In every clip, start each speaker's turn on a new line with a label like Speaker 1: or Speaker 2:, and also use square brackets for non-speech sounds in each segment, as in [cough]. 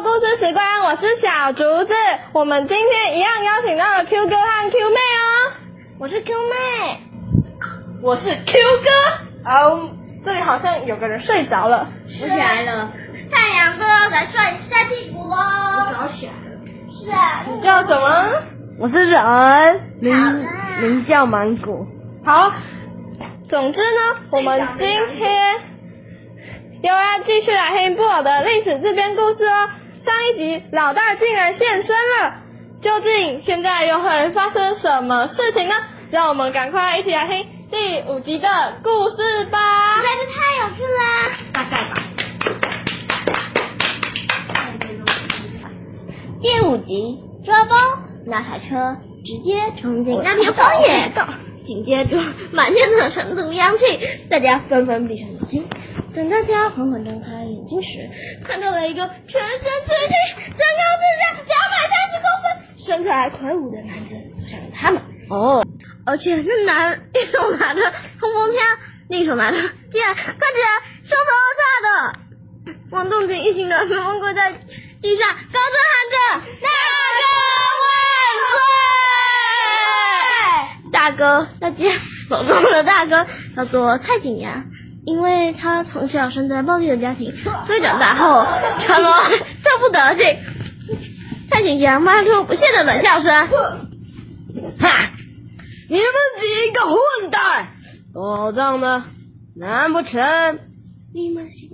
Speaker 1: 故事時光，我是小竹子。我們今天一樣邀請到了 Q 哥和 Q 妹哦。我是 Q 妹。我是 Q 哥。哦、啊，這裡好像有個人睡着了。啊、我起來了，太陽哥來曬曬屁股嘍。我早起來了。是啊。你叫什麼、啊？我是人，名名、啊、叫芒果。好，總之呢，我們今天又要繼續來聽布偶的歷史自編故事哦。上一集，老大竟然現身了，究竟現在又會發生什麼事情呢？讓我們趕快一起來聽第五集的故事吧！來的太有趣啦！大概吧。第五集，抓包，那台車直接衝進那片荒野，緊接着滿天的塵土揚起，大家紛紛閉上。等大家緩緩睜開眼睛時，看到了一個全身翠綠、身高身高達兩百三十公分、身材魁梧的男子走向他們。哦、oh，而且那男一手拿着衝鋒槍，另一手拿着劍，看起來兇神惡煞的。王東宇一行人紛紛跪在地上，高聲喊着：“大哥萬歲！”大哥，那劍手中的大哥叫做蔡景陽。因為他從小生在暴力的家庭，所以長大後成了這副德行，他竟然發出不屑的冷笑聲。哈、啊！你們幾個混蛋，寶藏呢？難不成你們想……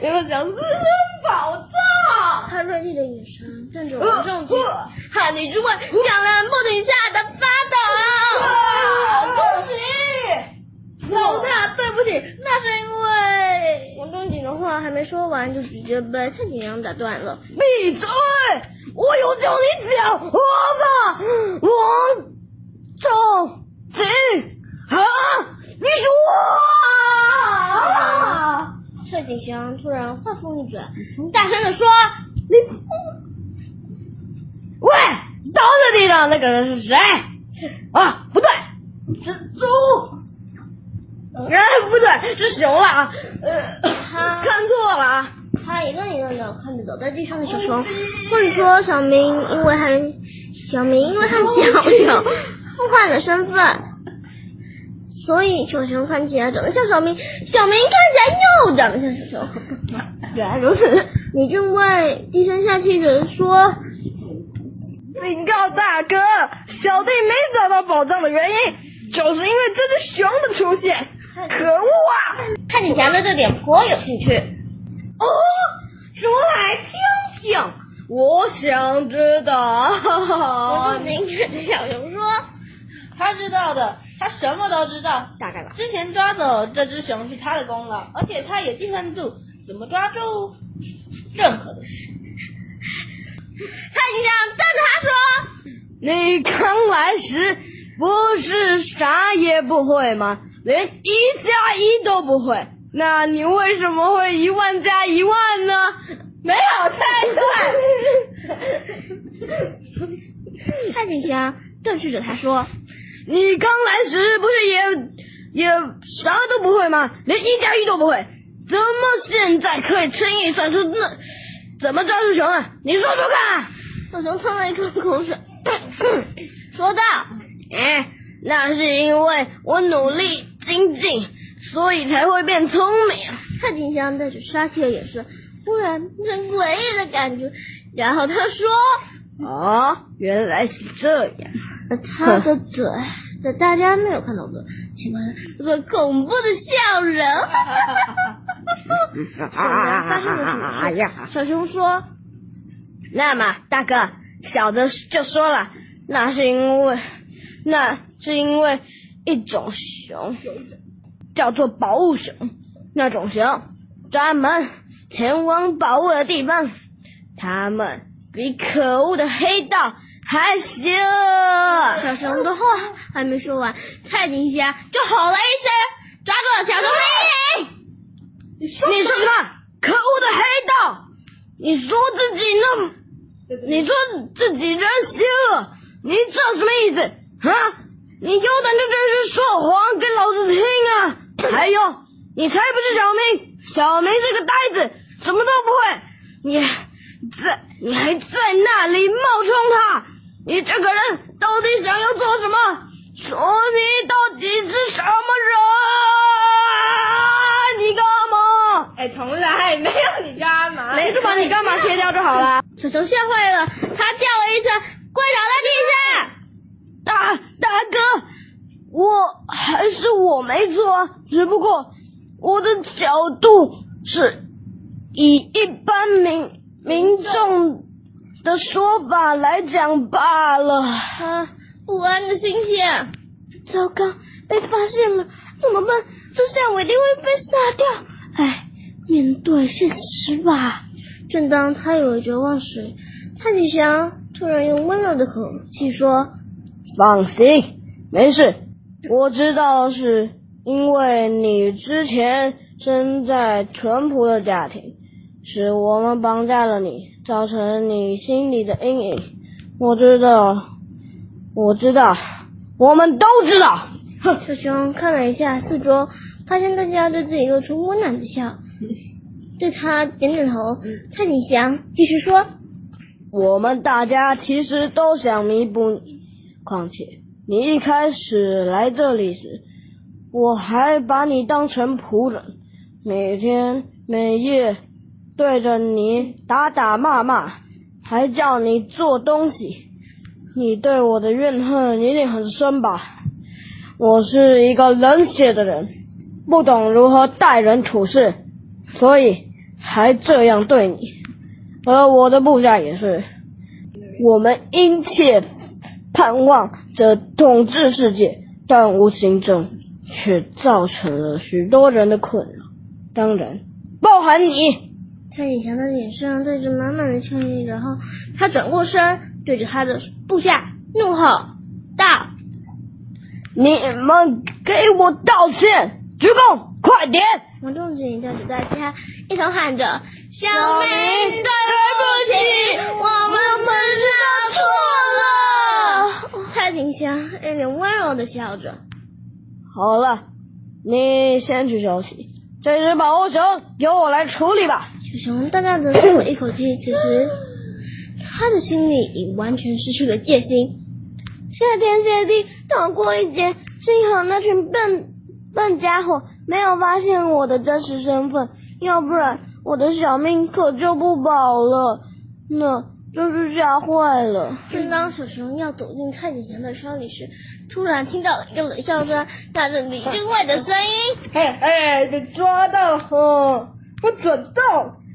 Speaker 1: 你們想私吞寶藏？他銳利的眼神瞪着我們眾人，漢女之王將人不停下的發抖、啊。恭喜老大！那是因為王仲景的話還沒說完就，就直接被蔡景陽打斷了。閉嘴！我有叫你講話吧，我嗎？王仲景，啊！你說、啊。蔡景陽突然話鋒一轉，你大聲地說、嗯。喂！倒在地上那個人是誰？是啊，不對，豬。原來不對，是熊了，啊、呃。呃，看錯了啊，他一愣一愣的看着倒在地上的小熊，或、哦、者說小明因為還小明因為還小，小，小、哦、互換了身份，所以小熊看起來長得像小明，小明看起來又長得像小熊。原來如此，你就問低聲下氣的說：“警告大哥，小弟沒找到寶藏的原因，就是因為這隻熊的出現。”可惡啊！看你祥的這點頗有興趣我。哦，說來聽聽，我想知道。我明確的小熊說，他知道的，他什麼都知道。大概吧。之前抓走這隻熊是他的功勞，而且他也計算住怎麼抓住任何的事。你看你想站他說，你剛來時不是啥也不會嗎？連一加一都不會，那你為什麼會一萬加一萬呢？沒有太算。 [laughs] 太金香瞪視着他說：“你剛來時不是也也啥都不會嗎？連一加一都不會，怎麼現在可以輕易算出那？怎麼抓住熊了、啊？你說說看。”小熊吞了一口口水，咳咳說道：“哎，那是因為我努力。”精進，所以才會變聰明。蔡靜香帶着殺氣的眼神，忽然很詭異的感覺。然後他說：“哦，原來是這樣。”而他的嘴，在大家沒有看到的情況，這個恐怖的笑容。哈哈哈哈哈哈！小熊說：“那麼，大哥，小的就說了，那是因為，那是因為。”一種熊，叫做寶物熊。那種熊專門前往寶物的地方。他們比可惡的黑道還邪惡。小熊的話還沒說完，蔡頭蝦就吼了一聲，抓住了小熊的衣領。你說什麼？可惡的黑道？你說自己那麼？你說自己人邪惡？你這什麼意思？啊？你有膽就直接說謊給老子聽啊！還有，你才不是小明，小明是個呆子，什麼都不會。你在，你還在那裡冒充他？你這個人到底想要做什麼？說你到底是什麼人？你幹嘛？哎，從來沒有你幹嘛？沒事把你幹嘛切掉就好了。小熊嚇壞了，他叫了一聲，跪倒在地。大哥，我還是我沒錯啊，只不過我的角度是以一般民民眾的說法來講罷了。啊，不安的心情，糟糕，被發現了，怎麼辦？這下我一定會被殺掉。唉，面對現實吧。正當他有了絕望時，蔡啟祥突然用溫柔的口氣說。放心，沒事。我知道是因為你之前生在淳樸的家庭，是我們綁架了你，造成你心裡的陰影。我知道，我知道，我們都知道。哼！小熊看了一下四周，發現大家對自己露出溫暖的笑，對他點點頭。蔡錦祥繼續說：“我們大家其實都想彌補你。”況且，你一開始來這裡時，我還把你當成僕人，每天每夜對着你打打罵罵，還叫你做東西。你對我的怨恨一定很深吧？我是一個冷血的人，不懂如何待人處事，所以才這樣對你。而我的部下也是，我們殷切，盼望着統治世界，但無形中卻造成了許多人的困擾，當然包含你。他以前的臉上帶着滿滿的歉意，然後他轉過身，對着他的部下怒吼道：“你們給我道歉，鞠躬，快點！”王仲景就着大家，一同喊着
Speaker 2: 小妹：“小美。”
Speaker 1: 有點溫柔的笑着。好了，你先去休息，這只保護熊由我來處理吧。小熊，熊大大的鬆了一口氣，此時 [coughs] 他的心裡已完全失去了戒心。謝天謝地，逃過一劫！幸好那群笨笨傢伙沒有發現我的真實身份，要不然我的小命可就不保了呢。那真是嚇壞了！正當小熊要走進蔡錦祥的車裡時，突然聽到了一個冷笑聲，帶着李俊外的聲音：“嘿嘿，給抓到哈、哦，不准動！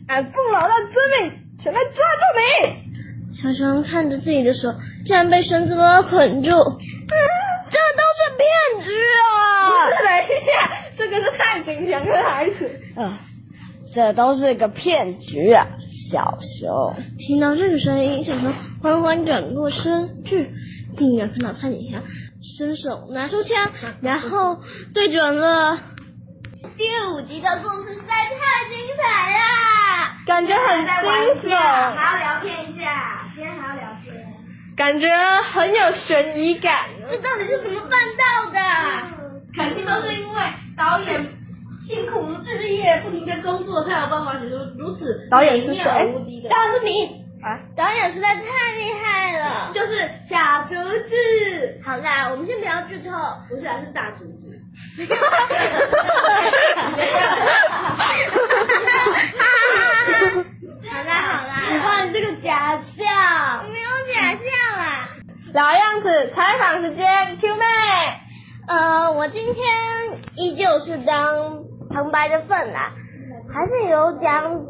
Speaker 1: 俺奉老大之命前來抓住你！”小熊看着自己的手，竟然被繩子捆住、嗯。這都是騙局啊！不是這個是蔡錦祥的孩子、呃。這都是一個騙局啊！小熊聽到這個聲音，小熊緩緩轉過身去，竟然看到蔡錦祥伸手拿出槍，然後對準了。第五集的故事實在太精彩了，感覺很驚險。在還要聊天一下，今天還要聊天，感覺很有懸疑感。這到底是怎麼辦到的？嗯今天工作才有辦法寫出如此迷迷無敵的導演是誰？張子明，啊，導演實在太厲害了。就是小竹子。好
Speaker 2: 啦，我們先不要劇透，不
Speaker 1: 是，是大竹子。哈哈哈哈哈哈哈哈哈哈哈哈哈哈！好啦好啦，你放你這個假笑。我沒有假笑啦，啊。老樣子，採訪時間，Q 妹。呃，我今天依舊是當旁白的份啦，啊。還是有講，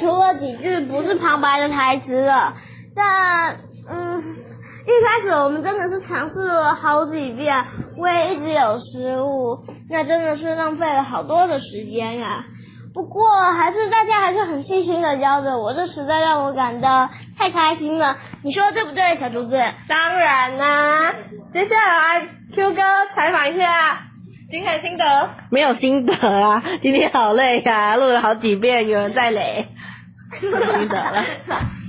Speaker 1: 除了幾句不是旁白的台詞的。但嗯，一開始我們真的是嘗試了好幾遍，我也一直有失誤，那真的是浪費了好多的時間呀、啊。不過還是大家還是很細心的教着我，這實在讓我感到太開心了。你說對不對，小竹子？當然啦、啊。接下來，Q 哥採訪一下。精彩心得？沒有心得啊，今天好累呀、啊，錄了好幾遍，有人在雷，沒心得了，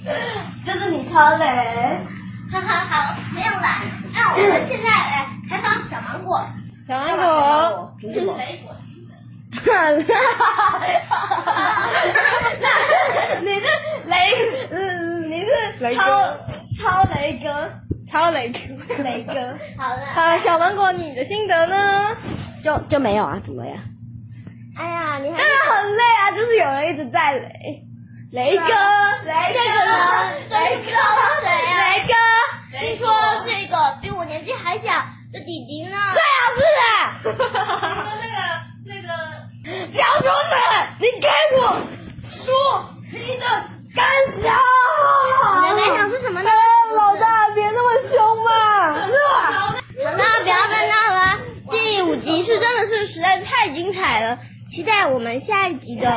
Speaker 1: [laughs] 就是你超雷。 [laughs] 哈哈，好，沒有啦。那、啊、我們現在來採訪小芒果，小芒果，蘋果心得，哈哈哈哈哈，哈哈哈哈哈，那你是雷，嗯，你是超超雷哥，超雷哥，雷哥，好了，好，小芒果，你的心得呢？就就沒有啊，怎麼了、啊？哎呀，你真的、啊、很累啊！就是有人一直在累。雷哥，雷哥，雷哥，雷哥，聽說這個比我年紀還小的弟弟。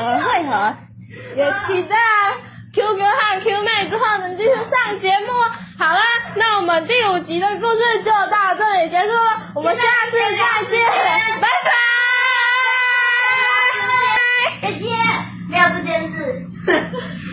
Speaker 1: 會合，也期待。Q 哥和 Q 妹之後能繼續上節目。好啦，那我們第五集的故事就到這裡結束了，我們下次再見，拜拜，拜拜，再見，沒有這件事。